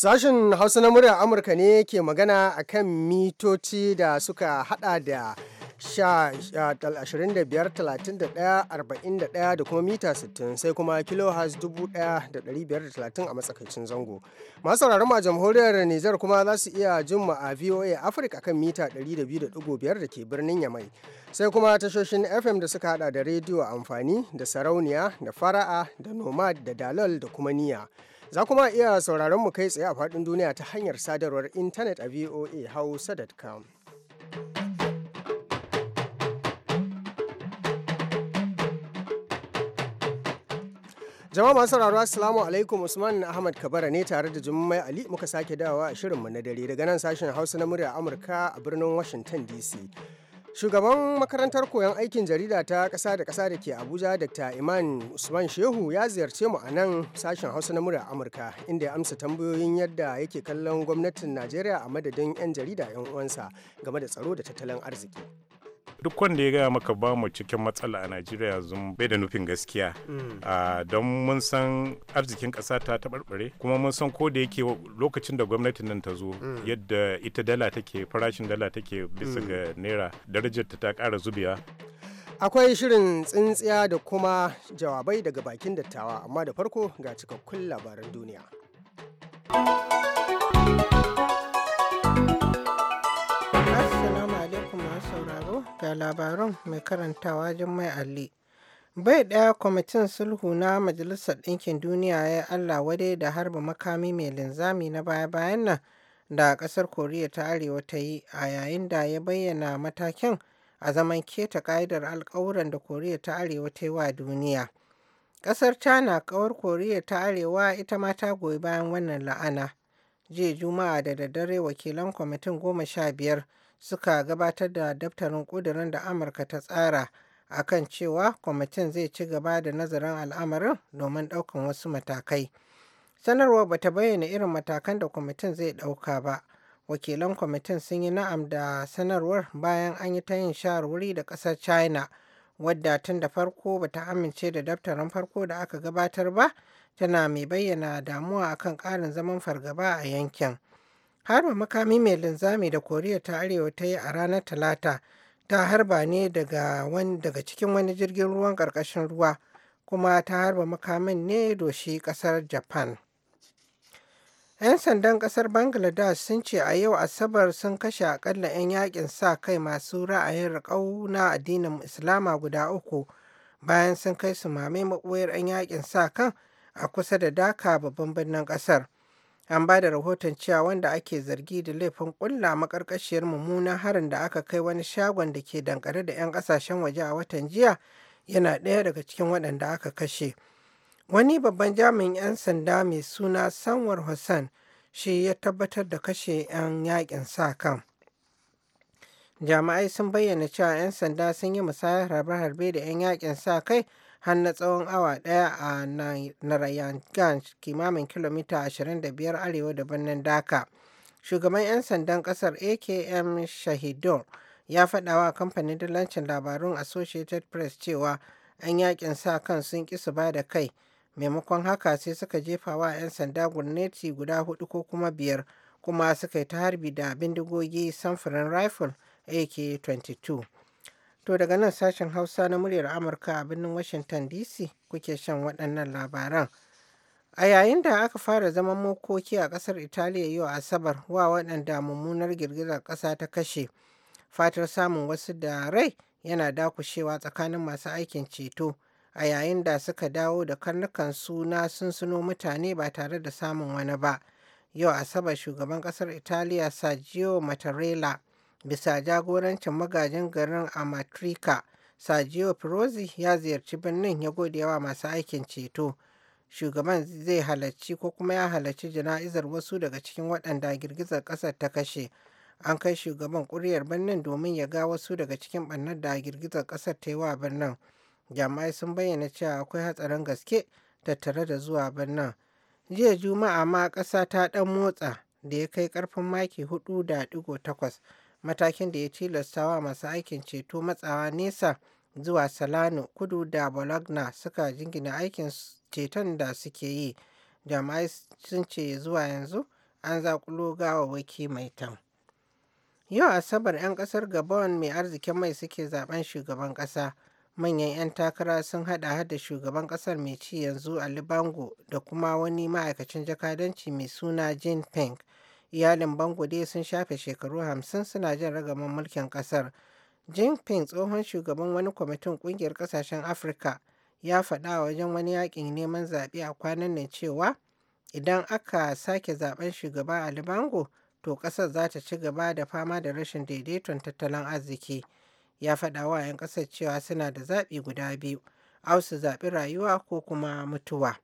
Sashen Hausa na muryar Amurka ne ke magana a kan mitoci da suka hada da 25,31,41 da kuma mita 60 sai kuma kilohertz 1,530 a matsakaicin zango. Masu sauraron a jamhuriyar Nijar kuma za su iya jin mu a VOA Africa kan mita 102.5 da ke birnin Yamai. Sai kuma tashoshin FM da suka hada da rediyo amfani da sarauniya da fara'a da nomad da dalol da kuma niya. Za kuma iya sauraron mu kai tsaye a faɗin duniya ta hanyar sadarwar intanet a voa hausa.com. Jama'a masu sauraro Assalamu alaikum Usman Ahmad Kabara ne tare da Jummai Ali muka sake dawowa a shirinmu na dare daga nan sashen Hausa na murya Amurka a birnin Washington DC. Shugaban makarantar koyon aikin jarida ta ƙasa da ƙasa da ke Abuja Dr. Iman Usman Shehu ya ziyarce mu a nan sashen Hausa na murya Amurka inda ya amsa tambayoyin yadda yake kallon gwamnatin Najeriya a madadin 'yan jarida 'yan uwansa game da tsaro da tattalin arziki. duk wanda ya gaya maka ba mu cikin matsala a najeriya yanzu bai da nufin gaskiya mm. don mun san arzikin ƙasa ta taɓarɓare kuma mun san ko da yake lokacin da gwamnatin nan ta zo mm. yadda ita dala take farashin dala take bisa mm. ga naira darajar ta kara zubewa akwai shirin tsintsiya da kuma jawabai daga bakin dattawa amma da farko ga cikakkun labaran duniya. ga labarun mai karantawa Jummai Alli. Bai ɗaya kwamitin sulhu na Majalisar Ɗinkin Duniya ya Allah wadai da harba makami mai linzami na baya-bayan nan da ƙasar Koriya ta Arewa ta yi a yayin da ya bayyana matakin a zaman keta ƙa'idar alƙawuran da Koriya ta Arewa ta yi wa duniya. Ƙasar China ƙawar Koriya ta Arewa ita ma ta goyi bayan wannan la'ana. Jiya Juma'a da daddare wakilan kwamitin goma sha biyar suka gabatar da daftarin ƙudurin da amurka ta tsara a kan cewa kwamitin zai ci gaba da nazarin al'amarin domin ɗaukan wasu matakai sanarwar ba ta bayyana irin matakan da kwamitin zai ɗauka ba wakilan kwamitin sun yi na'am da sanarwar bayan an yi ta yin shawarwari da ƙasar china wadda tun da farko ba ta amince da daftarin farko da aka gabatar ba tana mai bayyana damuwa akan ƙarin zaman fargaba a yankin harba makami mai linzami da Koriya ta Arewa ta yi a ranar Talata ta harba ne daga cikin wani jirgin ruwan karkashin ruwa kuma ta harba makamin ne doshi kasar Japan. 'Yan sandan kasar Bangladesh sun ce a yau Asabar sun kashe akalla 'yan yakin sa kai masu ra'ayin riƙau na addinin Islama guda uku bayan sun kai su mame maɓoyar 'yan yakin sa kan a kusa da daka babban birnin kasar. an ba da rahoton cewa wanda ake zargi da laifin ƙulla maƙarƙashiyar mummunan harin da aka kai wani shagon da ke dankare da 'yan ƙasashen waje a watan jiya yana ɗaya daga cikin waɗanda aka kashe wani babban jami'in 'yan sanda mai suna sanwar hassan shi ya tabbatar da kashe 'yan yaƙin sa kan jami'ai sun bayyana cewa 'yan sanda sun yi musayar harbe-harbe da 'yan yakin sa kai har na tsawon awa daya a Narayanganj kimamin kilomita 25 arewa da birnin daka Shugaban 'yan sandan kasar AKM Shahidor ya faɗa wa kamfanin dillancin labarun Associated Press cewa 'yan yakin sa kan sun ƙi su ba da kai maimakon haka sai suka jefa wa 'yan sanda gwamnati guda hudu ko kuma biyar kuma suka yi ta harbi da bindigogi samfurin rifle AK-22. To daga nan sashen Hausa na muryar Amurka a birnin Washington DC kuke shan waɗannan labaran. A yayin da aka fara zaman mokoki a ƙasar Italiya yau Asabar wa waɗanda mummunar girgizar ƙasa ta kashe. Fatar samun wasu da rai yana dakushewa tsakanin masu aikin ceto a yayin da suka dawo da karnukan suna sunsuno mutane ba tare da samun wani ba. Yau Asabar shugaban ƙasar Italiya Sergio Mattarella bisa jagorancin magajin garin Amatrika, Sajio Firozi ya ziyarci birnin ya gode wa masu aikin ceto. Shugaban zai halarci ko kuma ya halarci jana'izar wasu daga cikin waɗanda girgizar ƙasar ta kashe. An kai shugaban ƙuryar birnin domin ya ga wasu daga cikin ɓannar da girgizar ƙasar ta yi wa birnin. Jami'ai sun bayyana cewa akwai hatsarin gaske tattare da zuwa birnin. Jiya Juma'a ma ƙasa ta ɗan motsa da ya kai ƙarfin maki hudu da digo takwas. matakin da ya tilastawa masu aikin ceto matsawa nesa zuwa Salano kudu da Bologna suka jingina aikin ceton da suke yi. Jama'ai sun ce zuwa yanzu an zakulo gawawwaki mai tan. Yau Asabar 'yan kasar Gabon mai arzikin mai suke zaben shugaban kasa. Manyan 'yan takara sun hada da shugaban kasar mai ci yanzu Ali Bango da kuma wani ma'aikacin jakadanci mai suna Jean Pink. Iyalin Bango dai sun shafe shekaru hamsin suna jin ragaman mulkin kasar. Jinping tsohon shugaban wani kwamitin kungiyar kasashen Afirka ya faɗa wajen wani yakin neman zaɓe a kwanan nan cewa idan aka sake zaben shugaba Ali Bango to ƙasar za ta ci gaba da fama da rashin daidaiton tattalin arziki. Ya faɗa wa 'yan ƙasar cewa suna da zaɓi guda biyu, au su zaɓi rayuwa ko kuma mutuwa.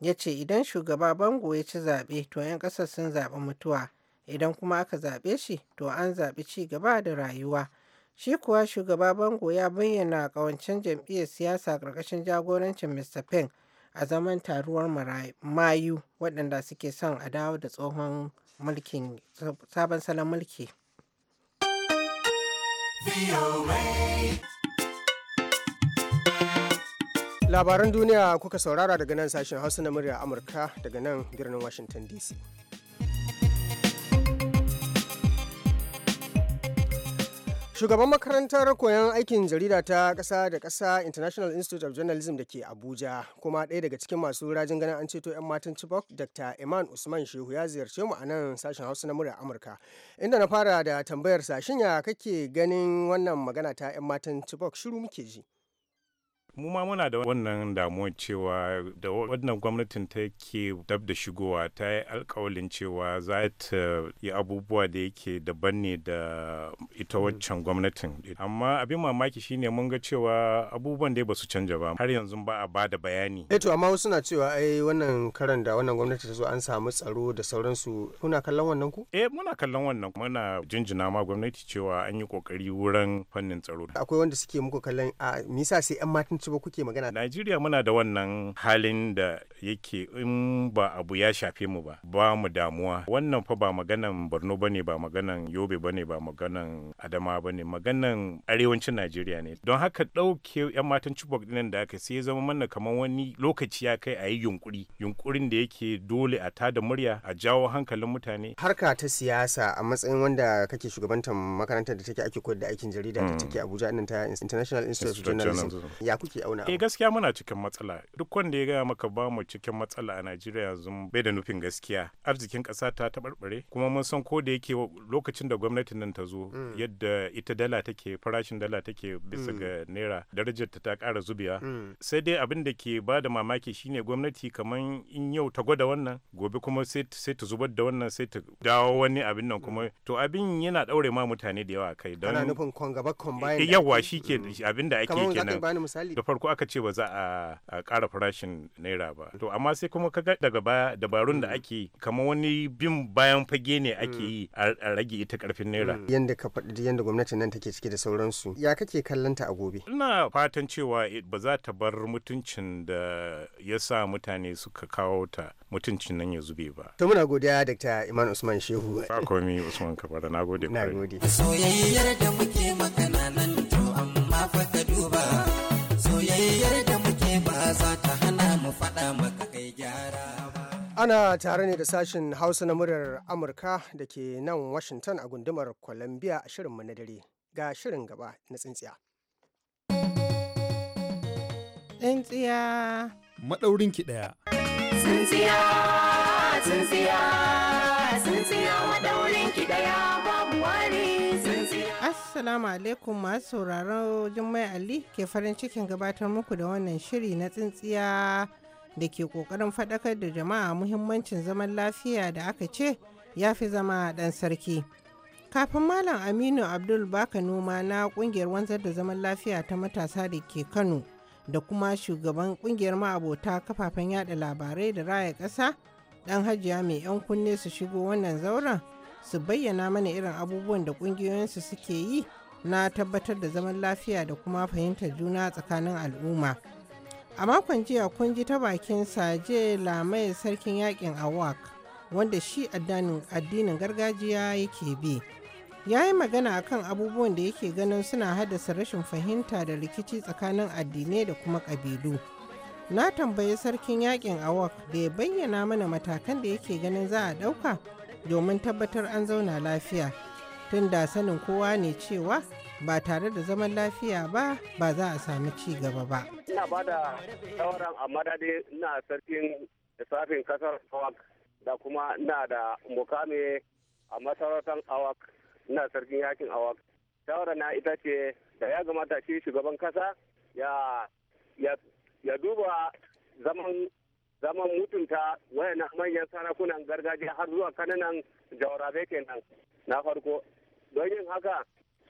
ya ce idan shugaba bango ya ci zaɓe to 'yan ƙasar sun zaɓi mutuwa idan kuma aka zaɓe shi to an zaɓi ci gaba da rayuwa shi kuwa shugaba bango ya bayyana ƙawancen jam'iyyar siyasa ƙarƙashin jagorancin mr pen a zaman taruwar mayu waɗanda suke son a dawo da tsohon mulkin sabon salon mulki. labaran duniya kuka saurara daga nan sashen hausa na murya amurka daga nan birnin washington dc shugaban makarantar koyon aikin jarida ta ƙasa da ƙasa international institute of journalism da ke abuja kuma ɗaya daga cikin masu rajin ganin an ceto 'yan matan chibok dr iman usman shehu ya ziyarce mu a nan sashen hausa na murya amurka inda na fara da tambayar sashen ya kake ganin wannan magana ta 'yan matan chibok shiru muke ji mu ma muna da wannan damuwar cewa da wannan gwamnatin ta ke dab da shigowa ta yi alkawalin cewa za ta yi abubuwa da yake daban ne da ita mm. waccan gwamnatin amma abin mamaki shine mun ga cewa abubuwan dai ba su canja ba har yanzu ba a ba da bayani eh to amma wasu na cewa ai wannan karan da wannan gwamnati ta zo an samu tsaro da sauransu kuna kallon wannan ku eh muna kallon wannan muna jinjina ma gwamnati cewa an yi kokari wurin fannin tsaro akwai wanda suke muku kallon a misa sai yan matan su ba kuke magana Najeriya muna da wannan halin da yake in ba abu ya shafe mu ba ba mu damuwa wannan fa ba maganan Borno bane ba maganan Yobe bane ba maganan Adama bane maganan arewacin Najeriya ne don haka dauke 'yan matan Chibok ɗinan da aka sai zama mana kamar wani lokaci ya kai a yi yunkuri yunkurin da yake dole a tada murya a jawo hankalin mutane harka ta siyasa a matsayin wanda kake shugabantar makarantar da take ake koyar da aikin jarida da take mm. Abuja nan ta International Institute of Journalism ya kuke auna eh gaskiya muna cikin matsala duk wanda ya gaya maka ba mu cikin matsala a Najeriya yanzu bai da nufin gaskiya arzikin ƙasa ta taɓarɓare kuma mun san ko da yake lokacin da gwamnatin nan ta zo mm. yadda ita dala take farashin dala take bisa mm. ga naira darajar ta ta ƙara zubewa mm. sai dai abin da ke ba da mamaki shine gwamnati kaman in yau ta gwada wannan gobe kuma sai ta zubar da wannan sai ta dawo wani abin nan kuma to abin yana ɗaure ma mutane da yawa kai don ana nufin yawa shi ke abin da ake kenan da farko aka ce ba za a kara farashin naira ba to amma sai kuma kaga daga baya dabarun da mm. ake kamar wani bin bayan fage ne ake mm. yi a rage ita karfin naira mm. yanda ka faɗi yanda gwamnatin nan take cike da sauransu ya kake kallanta a gobe ina fatan cewa ba za ta bar mutuncin da ya sa mutane suka kawo ta mutuncin nan ya zube ba to muna godiya dr iman usman shehu ba komi usman kabara na gode na gode soyayyar da muke magana nan Ana tare ne da sashen Hausa na muryar Amurka da ke nan Washington a gundumar Columbia a shirinmu na dare ga shirin gaba na tsintsiya. Tsintsiya maɗaurinki ɗaya. Tsintsiya, tsintsiya, tsintsiya maɗaurinki ɗaya babu wani tsintsiya. Assalamu alaikum masu sauraron Jummai Ali ke farin cikin gabatar muku da wannan shiri na tsintsiya da ke ƙoƙarin faɗakar da jama'a muhimmancin zaman lafiya da aka ce ya fi zama ɗan sarki. Kafin Malam Aminu Abdul Baka Noma na ƙungiyar wanzar da zaman lafiya ta matasa da ke Kano da kuma shugaban ƙungiyar ma'abota kafafen yada labarai da raya ƙasa ɗan hajiya mai 'yan kunne su shigo wannan zauren su bayyana mana irin abubuwan da ƙungiyoyinsu suke yi na tabbatar da zaman lafiya da kuma fahimtar juna tsakanin al'umma. a makon jiya kun ji ta bakin saje lamai sarkin yakin awak wanda shi addinin gargajiya yake bi ya yi magana akan abubuwan da yake ganin suna haddasa rashin fahimta da rikici tsakanin addinai da kuma ƙabilu na tambayi sarkin yakin awak da ya bayyana mana matakan da yake ganin za a ɗauka domin tabbatar an zauna lafiya tun da sanin kowa ne cewa ba tare da zaman lafiya ba ba za a sami ci gaba ba. ina ba da shawarar a madadi na sarkin lissafin kasar awak da kuma na da mukami a masarautar awak na sarkin yakin awak shawara na ita ce da ya gamata shi shugaban kasa ya duba zaman zaman mutunta wayan manyan sarakunan gargajiya har zuwa kananan jawarabe kenan na farko don yin haka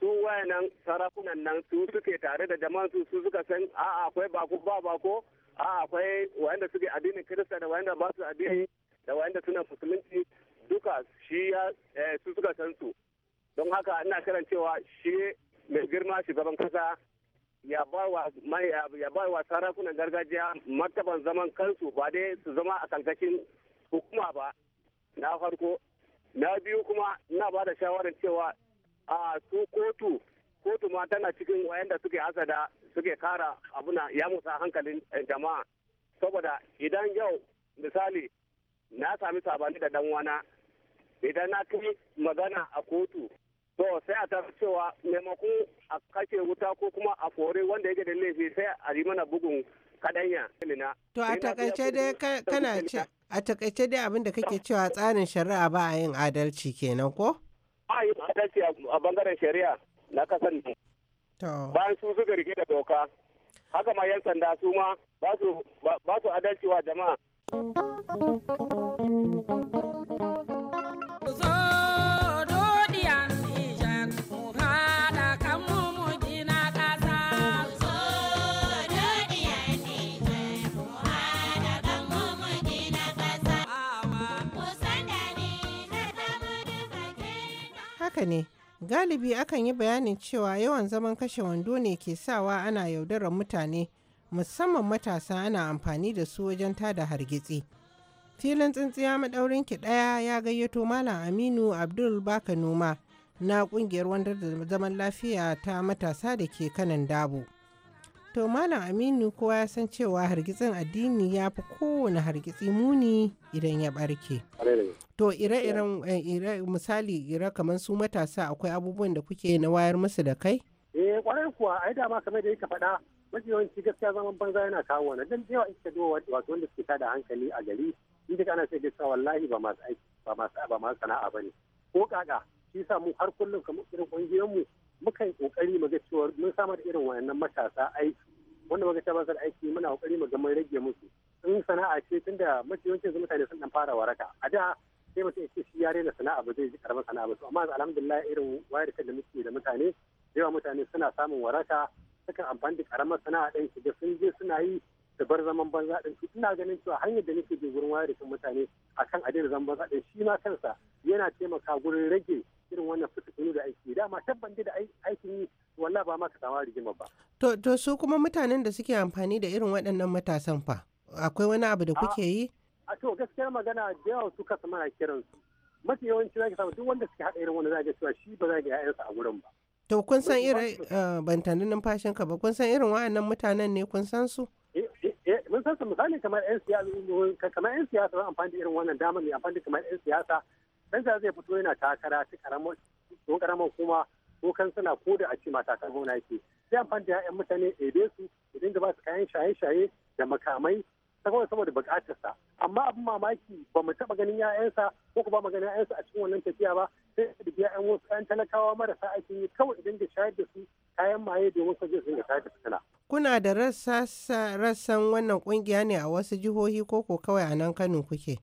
su wayanan sarakunan nan su suke tare da jama'an su su suka san a akwai bako ba bako a akwai wayanda suke addinin kirista da wayanda ba su addini da wayanda suna musulunci duka shi ya eh, su suka san su don haka ina kiran cewa shi mai girma shugaban kasa ya ba wa ya ba wa sarakunan gargajiya martaban zaman kansu ba dai su zama a kankashin hukuma ba na farko na biyu kuma ina ba da shawarar cewa a su kotu kotu ma tana cikin wayanda suke hasada suke kara abuna ya musa hankalin eh, jama'a saboda idan yau misali na sami sabani da danwana idan na kai magana a kotu to sai a tafi cewa maimakon a kashe wuta ko kuma a fore wanda yake da laifi sai a yi mana bugun kadanya to a takaice dai kana ce a takaice dai abin da kake cewa tsarin shari'a ba a yin adalci kenan ko ba yi adalci a bangaren shari'a na kasan nan bayan su suka rike da doka haka ma yan sanda su ma ba su adalci wa jama'a haka ne, galibi akan yi bayanin cewa yawan zaman kashe wando ne ke sawa ana yaudarar mutane, musamman matasa ana amfani da su wajen tada hargitsi. Filin tsintsiya maɗaurin ki ɗaya ya gayyato Malam Aminu Abdul Baka Noma na ƙungiyar wandar da zaman lafiya ta matasa da ke kanan dabu To Malam Aminu kowa ya san cewa hargitsin addini ya fi kowane hargitsi muni idan ya barke. To ire-iren eh, misali ire kamar su matasa akwai abubuwan da kuke na wayar musu da kai? Eh kwarai kuwa ai dama kamar da yake faɗa mafi yawanci gaskiya zaman banza yana kawo wani dan jewa ita do wato wanda suke tada hankali a gari in duka ana sai gaskiya wallahi ba masu aiki ba masu ba masu bane ko kaka shi yasa mu har kullum kamar irin ƙungiyarmu. mu muka yi kokari mu ga cewa mun samar da irin wayannan matasa aiki wanda muka ta bazar aiki muna kokari mu ga mun rage musu in sana'a ce tunda mafi yawancin mutane sun dan fara waraka a da sai mutum ya ce shi ya na sana'a ba zai ji karamar sana'a ba amma alhamdulillah irin wayar da muke da mutane yawa mutane suna samun waraka sukan amfani da karamar sana'a ɗin su da sun je suna yi da bar zaman banza ɗin su ina ganin cewa hanyar da nake bi gurin wayar da mutane akan adadin zaman banza ɗin shi ma kansa yana taimaka gurin rage irin wannan fitattunu da aiki dama tabban da aikin yi wallah ba ma ka samu rigima ba. To, to su kuma mutanen da suke amfani da irin waɗannan matasan fa akwai wani abu da kuke yi? A to gaskiya magana da yawa su kasa mana kiran su. Mafi yawanci zaki samu duk wanda suke haɗa irin wanda zaki cewa shi ba za ga 'ya'yansa a gurin ba. To kun san irin eh, ban tani numfashin ka ba kun san irin wa'annan mutanen ne kun san su? Eh, eh, mun san su misali kamar 'yan siyasa kamar 'yan siyasa amfani da irin wannan damar ne amfani da kamar 'yan siyasa dan sa zai fito yana takara ta karamar ko karamar kuma ko suna ko da a ce mata ta gona yake sai fanta ya 'ya'yan mutane ebe su idan dinga ba su kayan shaye-shaye da makamai kawai saboda bukatarsa amma abin mamaki ba mu taba ganin 'ya'yansa ko kuma ba ganin 'ya'yansa a cikin wannan tafiya ba sai dubi ya'yan wasu 'yan talakawa marasa aiki ne kawai idan da shayar da su kayan maye domin su je su dinga shayar da fitila. kuna da rassan wannan kungiya ne a wasu jihohi ko ko kawai a nan kano kuke.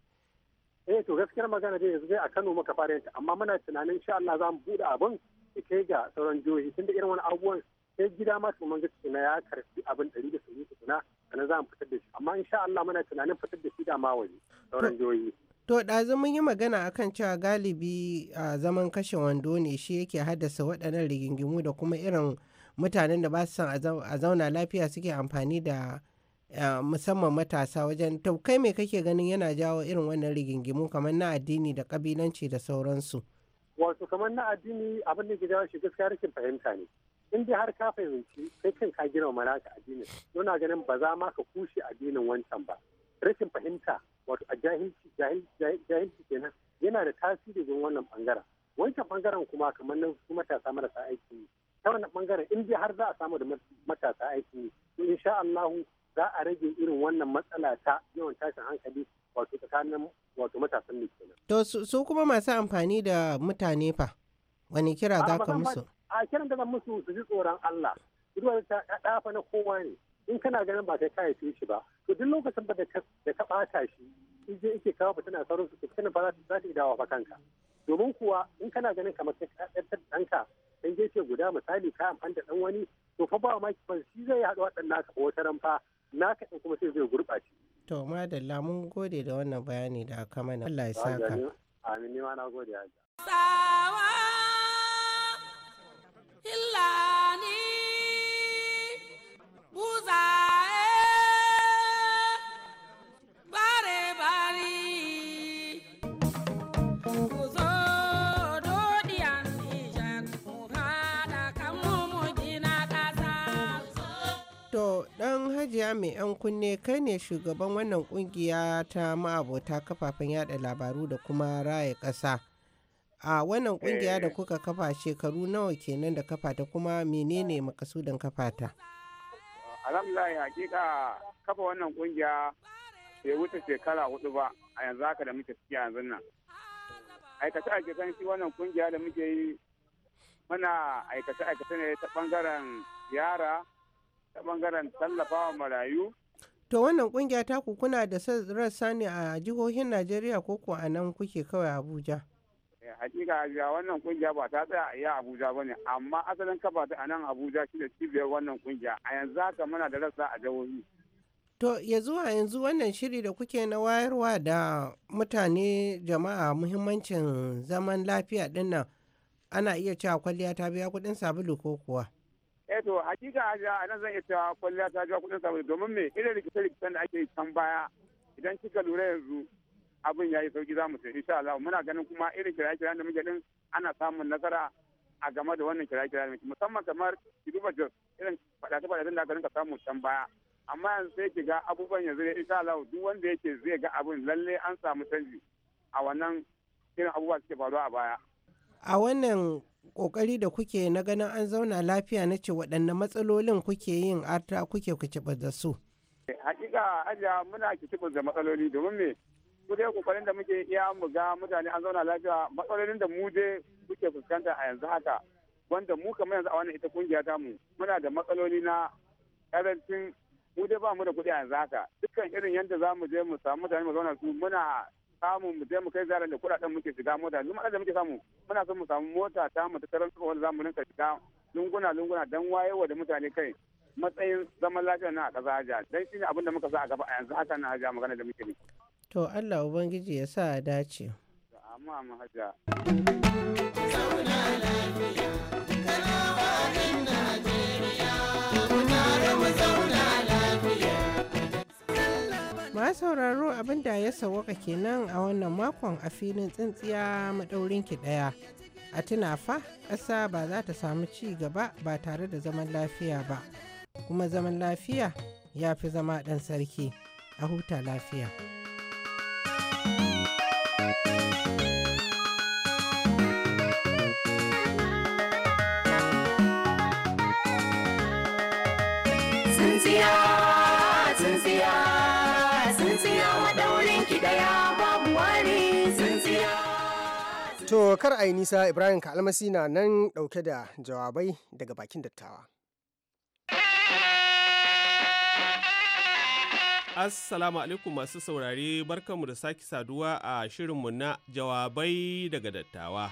eh to gaskiyar magana dai yanzu dai a Kano muka fara yanta amma muna tunanin insha Allah za mu bude abin da kai ga sauran jihohi tunda irin wani abubuwan sai gida ma su mun gaske na ya karfi abin ɗari da sun yi tukuna ana za mu fitar da shi amma insha Allah muna tunanin fitar da shi da ma waje sauran jihohi To ɗazu mun yi magana akan cewa galibi a zaman kashe wando ne shi yake haddasa waɗannan rigingimu da kuma irin mutanen da ba su son a zauna lafiya suke amfani da Eh, musamman matasa wajen taukai mai kake ganin yana jawo irin wannan rigingimu kamar na addini da kabilanci da sauransu wato kamar na addini abin da ke jawo shi gaskiya rikin fahimta ne in dai har ka fahimci kai kan ka gina mana ka addinin yana ganin ba za ma ka kushe addinin wancan ba rikin fahimta wato a jahilci kenan yana da tasiri don wannan bangaren wancan bangaren kuma kamar nan su matasa marasa aiki ta wannan bangaren in dai har za a samu da matasa aiki ne to insha Allahu za a rage irin wannan matsala ta yawan tashin hankali wato tsakanin wato matasan ne kenan. To su kuma masu amfani da mutane fa wani kira za ka musu? A kiran da musu su ji tsoron Allah. Zuwa ta ɗafa na kowa ne. In kana ganin ba kai kaya shi ba. To duk lokacin da ka ɓata shi in je yake kawo a sauran su tana ba za ta dawa ba kanka. Domin kuwa in kana ganin kamar kai ɗantar ɗanka dan gefe guda misali ka amfani da ɗan wani to fa ba ma shi zai haɗu waɗannan ka wata ran fa Na in kuma sai zai gurɓace to madalla mun gode da wannan bayani da aka mana Allah ya saka amin ni ma na gode Hajji Iliya mai 'yan kunne kai ne shugaban wannan kungiya ta ma'abota kafafen yada labaru da kuma raya kasa A wannan kungiya da eh. kuka kafa shekaru nawa kenan da kafa ta kuma menene makasudin kafa ta? Alhamdulillah hakika kafa wannan kungiya bai wuce shekara hudu ba a yanzu haka da muke ciki yanzu nan. Aikace aikacen shi wannan kungiya da muke yi muna aikace aikace ne ta bangaren yara ta bangaren tallafawa marayu to wannan kungiya ta kuna da rassa ne a jihohin najeriya ko ko a nan kuke kawai abuja eh, hakika abuja wannan kungiya ba ta tsaya a iya abuja ba ne amma asalin kafa ta a nan abuja shi da cibiyar wannan kungiya a yanzu haka muna da rassa a jihohi To ya zuwa yanzu wannan shiri da kuke na wayarwa da mutane jama'a muhimmancin zaman lafiya dinnan ana iya cewa kwalliya ta biya kuɗin sabulu ko kuwa? eh to hakika a nan zan iya cewa kwalliya ta jiwa kudin sabulu domin me irin rikice-rikicen da ake can baya idan kika lura yanzu abin ya yi sauki za mu sai insha Allah muna ganin kuma irin kiraye-kirayen da muke din ana samun nasara a game da wannan kiraye-kirayen musamman kamar ki duba jos irin faɗace-faɗacen da ganin ka samu can baya amma yanzu sai ki ga abubuwan yanzu da insha Allah duk wanda yake zai ga abin lalle an samu canji a wannan irin abubuwa suke faruwa a baya. A wannan kokari da kuke na ganin an zauna lafiya na ce waɗanne matsalolin kuke yin arta kuke kuciɓa da su. Hakika ajiya muna ki ci da matsaloli domin me ku dai ƙoƙarin da muke iya mu ga mutane an zauna lafiya matsalolin da mu dai kuke fuskanta a yanzu haka wanda mu kamar yanzu a wannan ita kungiya ta mu muna da matsaloli na karancin mu dai ba mu da kuɗi a yanzu haka dukkan irin yadda za mu je mu samu mutane mu zauna su muna samu mu je mu kai ziyarar da kuɗaɗen muke shiga mota duk da muke samu muna son mu samu mota ta mu ta karan wanda zamu rinka shiga lunguna lunguna dan wayewa da mutane kai matsayin zaman lafiya na a ƙasa haja dan shi ne da muka sa a gaba a yanzu haka na haja magana da muke ne to Allah ubangiji ya sa a dace amma amma haja zauna lafiya ma sauraro abin da ya sawaka kenan a wannan makon a filin tsintsiya maɗaurin ki ɗaya a tuna fa ƙasa ba za ta samu ci gaba ba tare da zaman lafiya ba kuma zaman lafiya ya fi zama ɗan sarki a huta lafiya. To kar a yi nisa Ibrahim Kalmasi na nan dauke da jawabai daga bakin dattawa. Assalamu alaikum masu saurare barkanmu da sake saduwa a shirinmu na jawabai daga dattawa.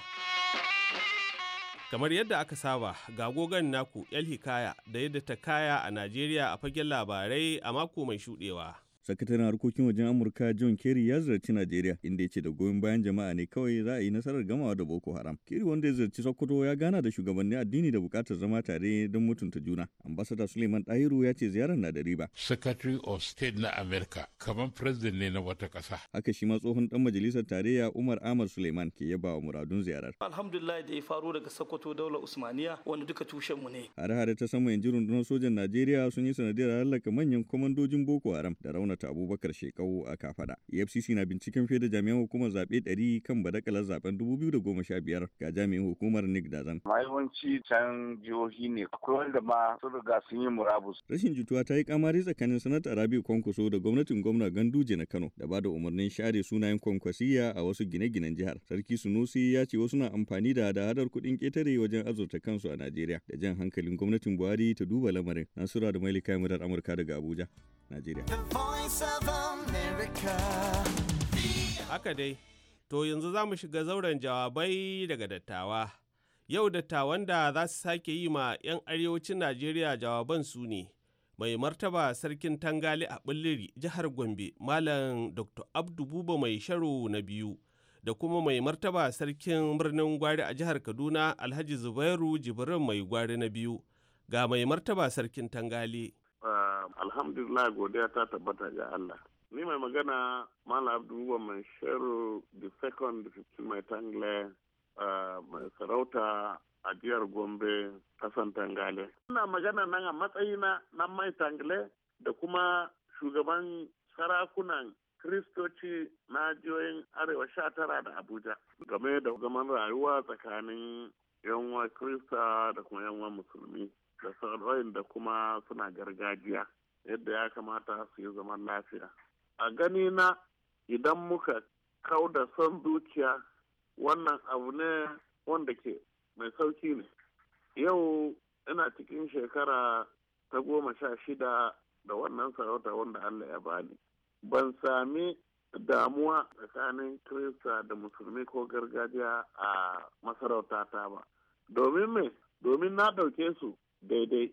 Kamar yadda aka saba, ga gogon naku 'yar Hikaya da yadda ta kaya a Najeriya a fagen labarai a mako mai shuɗewa. sakataren harkokin wajen amurka john kerry ya ziyarci najeriya inda ya ce da goyon bayan jama'a ne kawai za a yi nasarar gamawa da boko haram kerry wanda ya ziyarci sokoto ya gana da shugabannin addini da bukatar zama tare don mutunta juna Ambasada suleiman dahiru ya ce ziyarar na da riba secretary of state na america kamar president ne na wata kasa haka shi ma tsohon dan majalisar tarayya umar ahmad suleiman ke yaba wa muradun ziyarar alhamdulillah da ya faro daga sokoto daular usmaniya wanda duka tushen mu ne hare-hare ta sama yanzu rundunar sojan najeriya sun yi sanadiyar halaka manyan kwamandojin boko haram da rauna Jonathan abubakar shekau a kafada efcc na binciken fiye da jami'an hukumar zaɓe ɗari kan badakalar zaben 2015 ga jami'in hukumar nick dazan Mahimmanci can jihohi ne akwai wanda ma sun riga sun yi murabus rashin jituwa ta yi kamari tsakanin sanata rabiu kwankwaso da gwamnatin gwamna ganduje na kano da ba da umarnin share sunayen kwankwasiya a wasu gine-ginen jihar sarki sunusi ya ce wasu na amfani da hada-hadar kuɗin ƙetare wajen azurta kansu a najeriya da jan hankalin gwamnatin buhari ta duba lamarin nasura da mailika murar amurka daga abuja najeriya Voice of America. Haka dai, to yanzu za mu shiga zauren jawabai daga dattawa. Yau dattawan da za su sake yi ma 'yan arewacin Najeriya jawaban su ne. Mai martaba sarkin tangali a Bulliri, jihar Gombe, Malam Dr. Abdu Buba mai sharo na biyu. da kuma mai martaba sarkin birnin gwari a jihar kaduna alhaji zubairu jibrin mai gwari na biyu ga mai martaba sarkin tangale. alhamdulillah godiya ta tabbata ga Allah ni mai magana Malam Abdulluwa mai sharo the second 15 mai tangle ah, mai sarauta a jihar Gombe kasan Tangale. Ina magana nan a matsayina na mai Tangale da kuma shugaban sarakunan Kristoci na jihohin Arewa sha tara da Abuja game da zaman rayuwa tsakanin yanwa Krista da kuma yanwa Musulmi. da sauran da kuma suna gargajiya yadda ya kamata su yi zaman lafiya a gani na idan muka kau da son zuciya wannan abu ne wanda ke mai sauki ne yau ina cikin shekara ta goma sha shida da wannan sarauta wanda allah ya bani ban sami damuwa tsakanin kirista da musulmi ko gargajiya a masarautata ba domin me domin na ɗauke su daidai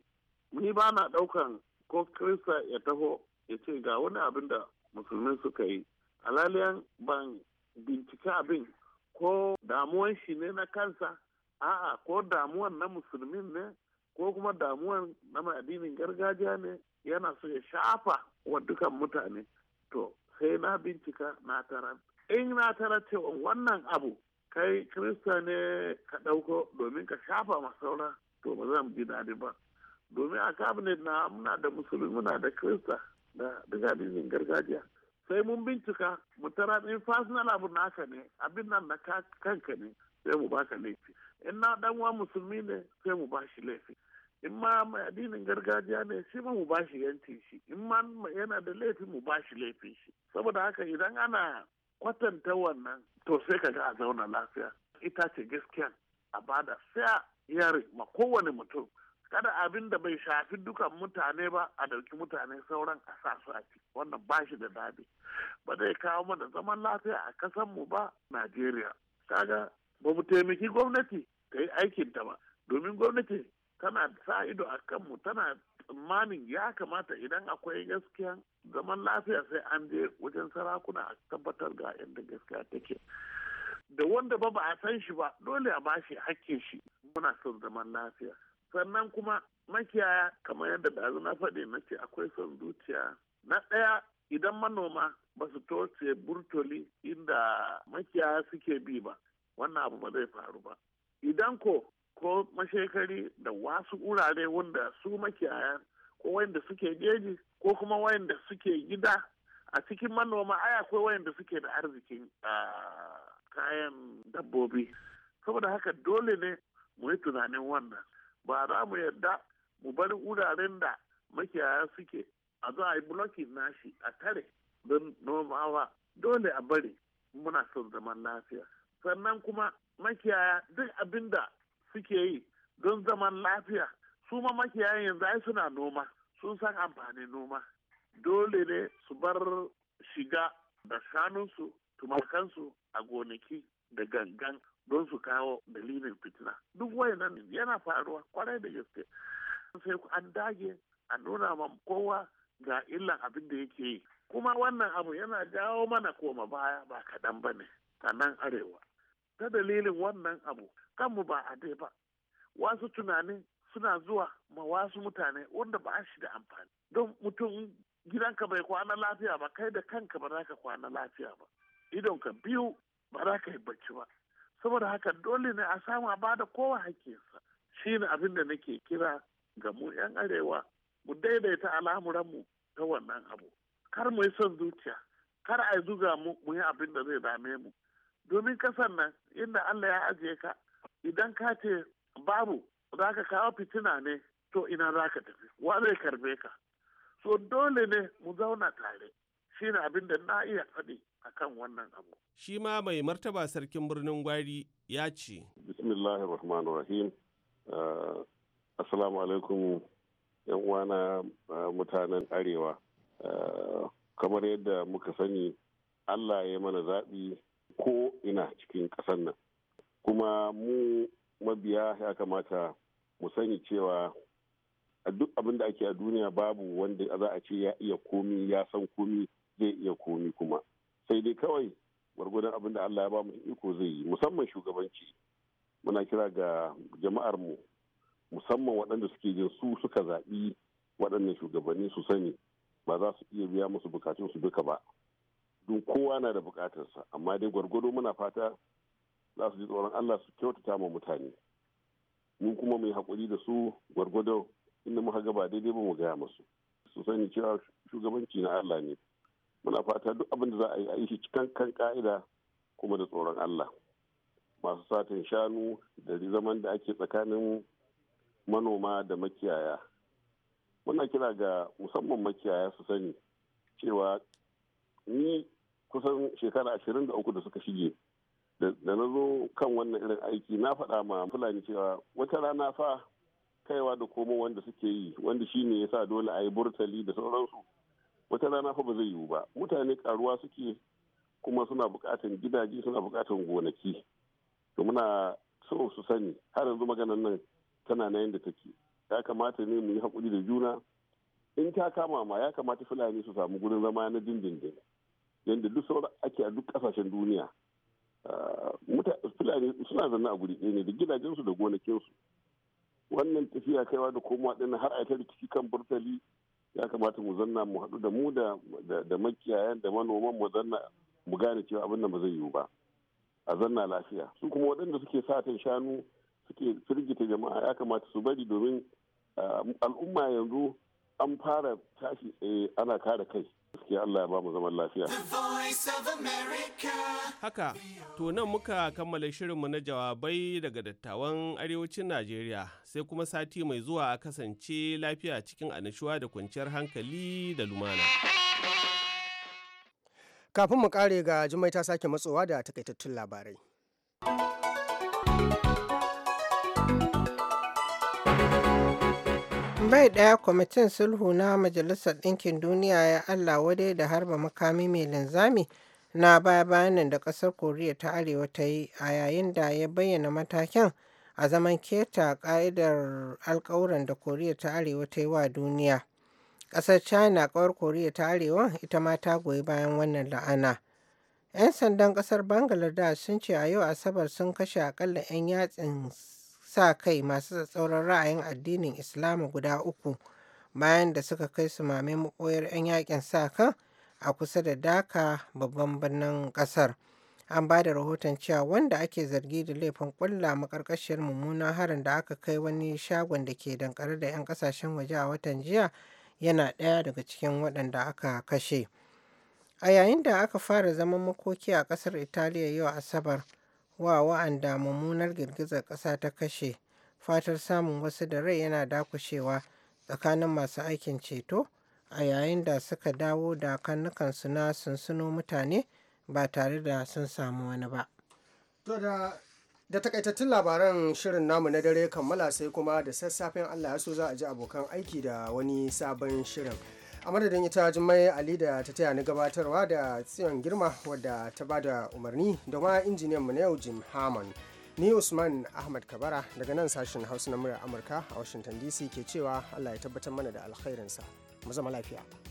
ni ba na ɗaukan ko kirista ya taho ya ce ga wani abin da musulmi suka yi alaliyan ban bincika abin ko damuwan shi ne na kansa a'a ko damuwan na musulmin ne ko kuma damuwan na mai addinin gargajiya ne yana so ya shafa wa dukan mutane to sai na bincika na tara in na tara cewa wannan abu kai kirista ne ka ɗauko domin ka shafa masaura to ba za mu ji ba domin a cabinet na muna da musulmi muna da krista da daga dinin gargajiya sai mun bincika mu tara in fasinal abu naka ne abin nan na kanka ne sai mu baka laifi in na dan wa musulmi ne sai mu bashi laifi in ma mai addinin gargajiya ne shi ma mu bashi yanci shi in ma yana da laifi mu bashi laifin shi saboda haka idan ana kwatanta wannan to sai ka ga a zauna lafiya ita ce gaskiya a bada fair iyar ma kowane mutum kada abin da bai shafi dukan mutane ba a dauki mutane sauran a sa su a ciki wannan ba shi da dadi ba zai kawo mana zaman lafiya a kasan mu ba Najeriya kaga ba mu taimaki gwamnati ta yi aikin ta ba domin gwamnati tana sa ido a kan mu tana tsammanin ya kamata idan akwai gaskiya zaman lafiya sai an je wajen sarakuna a tabbatar ga yadda gaskiya take da wanda ba ba a san shi ba dole a ba shi hakkin shi muna son zaman lafiya sannan kuma makiyaya kamar yadda dazu na faɗi na ce akwai son zuciya na ɗaya idan manoma ba su toce burtoli inda makiyaya suke bi ba wannan abu ba zai faru ba idan ko ko mashekari da wasu wurare wanda su makiyaya ko wayanda suke jeji ko kuma wayanda suke gida a cikin manoma ai akwai wayanda suke da arzikin ah, kayan dabbobi saboda haka dole ne mu yi tunanin wannan ba za mu yarda mu bari wuraren da makiyaya suke a zo a yi blocking nashi a tare don nomawa dole a bari muna son zaman lafiya sannan kuma makiyaya duk abin da suke yi don zaman lafiya su ma makiyayan yanzu ai suna noma sun san amfanin noma dole ne su bar shiga da shanunsu tumakansu a gonaki da gangan don su kawo dalilin fitina duk wayannan yana faruwa kwarai da gaske sai an dage a nuna ma kowa ga illan abin da yake yi kuma wannan abu yana jawo mana koma baya ba kaɗan ba ne a nan arewa ta dalilin wannan abu kanmu ba a dai ba wasu tunanin suna zuwa ma wasu mutane wanda ba shi da amfani don mutum gidanka bai kwana lafiya ba kai da kanka ba za ka kwana lafiya ba idon ka biyu ba za ka yi bacci ba saboda haka dole ne a samu a bada kowa shi shine abin da nake kira ga mu 'yan arewa mu daidaita al'amuranmu ta wannan abu kar mu yi son zuciya kar a zuga mu mu yi abin da zai dame mu domin kasan nan inda Allah ya ajiye ka idan ka ce babu za ka kawo fitina ne to ina za ka tafi wa zai karbe ka so dole ne mu zauna tare shine abin da na iya faɗi akan wannan abu. Shi ma mai martaba sarkin birnin gwari ya ce. Bismillahir Rahmanir Rahim. Uh, assalamu alaikum yan uwana uh, mutanen arewa. Uh, kamar yadda muka sani Allah ya mana zaɓi ko ina cikin ƙasar nan. Kuma mu mabiya ya kamata mu sani cewa a duk abin da ake a duniya babu wanda za a ce ya iya komi ya san komi zai iya komi kuma. sai dai kawai gwargwadon abin da Allah ya ba mu iko zai yi musamman shugabanci muna kira ga jama'ar mu musamman waɗanda suke jin su suka zaɓi waɗannan shugabanni su sani ba za su iya biya musu bukatun su duka ba don kowa na da bukatarsa amma dai gwargwado muna fata za su ji tsoron Allah su kyautata ma mutane mun kuma mai haƙuri da su gwargwado inda muka gaba daidai ba mu gaya musu su sani cewa shugabanci na Allah ne muna fata duk abin da za a yi a yi shi cikin kan ka'ida kuma da tsoron Allah masu satin shanu da zaman da ake tsakanin manoma da makiyaya muna kira ga musamman makiyaya su sani cewa ni kusan shekara ashirin da uku da suka shige da na zo kan wannan irin aiki na faɗa ma fulani cewa wata rana fa kaiwa da komo wanda suke yi wanda shine ya sa dole a yi burtali da sauransu wata rana fa ba zai yiwu ba mutane karuwa suke kuma suna bukatan gidaje suna bukatan gonaki to muna so su sani har yanzu maganar nan tana na yadda take ya kamata ne mu yi hakuri da juna in ta kama ma ya kamata fulani su samu gurin zama na dindindin yadda duk sauran ake a duk ƙasashen duniya ah, fulani suna zanna a guri ne da gidajensu da gonakinsu wannan tafiya kaiwa da komawa ɗin har a ta rikici kan burtali ya kamata mu zanna mu haɗu da mu da makiyayan da manoman mu zanna mu gane cewa abin nan ba zai yiwu ba a zanna lafiya su kuma waɗanda suke satan shanu suke firgita jama'a ya kamata su bari domin ah, al'umma yanzu an fara tashi tsaye ana kare kai Gaskiya Allah ya ba mu zaman lafiya. Haka, to nan muka kammala shirin mu na jawabai daga dattawan arewacin Najeriya sai kuma sati mai zuwa a kasance lafiya cikin anashuwa da kwanciyar hankali da lumana. Kafin mu kare ga Jummai ta sake matsowa da takaitattun labarai. bai daya kwamitin sulhu na majalisar ɗinkin duniya ya allah wadai da harba makami mai linzami na baya bayanin da ƙasar koriya ta arewa ta yi a yayin da ya bayyana matakin a zaman keta ƙa'idar alkawuran da koriya ta arewa ta yi wa duniya ƙasar china ƙawar koriya ta arewa ita ma ta goyi bayan wannan la'ana 'yan sandan ƙasar bangladesh sun ce a yau asabar sun kashe aƙalla 'yan yatsin sa kai masu tsatsauran ra'ayin addinin Islamu guda uku bayan da suka kai su mame makoyar 'yan yakin sa kan a kusa da daka babban birnin kasar. An ba da rahoton cewa wanda ake zargi da laifin ƙulla makarkashiyar mummunan harin da aka kai wani shagon da ke dankare da 'yan kasashen waje a watan jiya yana ɗaya daga cikin waɗanda aka kashe. A yayin da aka fara zaman makoki a ƙasar Italiya yau Asabar, wa wa'anda mummunar girgizar ƙasa ta kashe fatar samun wasu da rai yana dakushewa tsakanin masu aikin ceto a yayin da suka dawo da karnukansu na sunsuno mutane ba tare da sun samu wani ba. da takaitattun labaran shirin namu na dare kammala sai kuma da sassafen allah ya so za a ji abokan aiki da wani sabon shirin a madadin ita jummai ali da ta taya ni gabatarwa da tsiyon girma wadda ta ba da umarni da ma injiniyan mu na yau jim hammond ni usman ahmad kabara daga nan sashen hausa na murar amurka a washington dc ke cewa allah ya tabbatar mana da alkhairinsa mu zama lafiya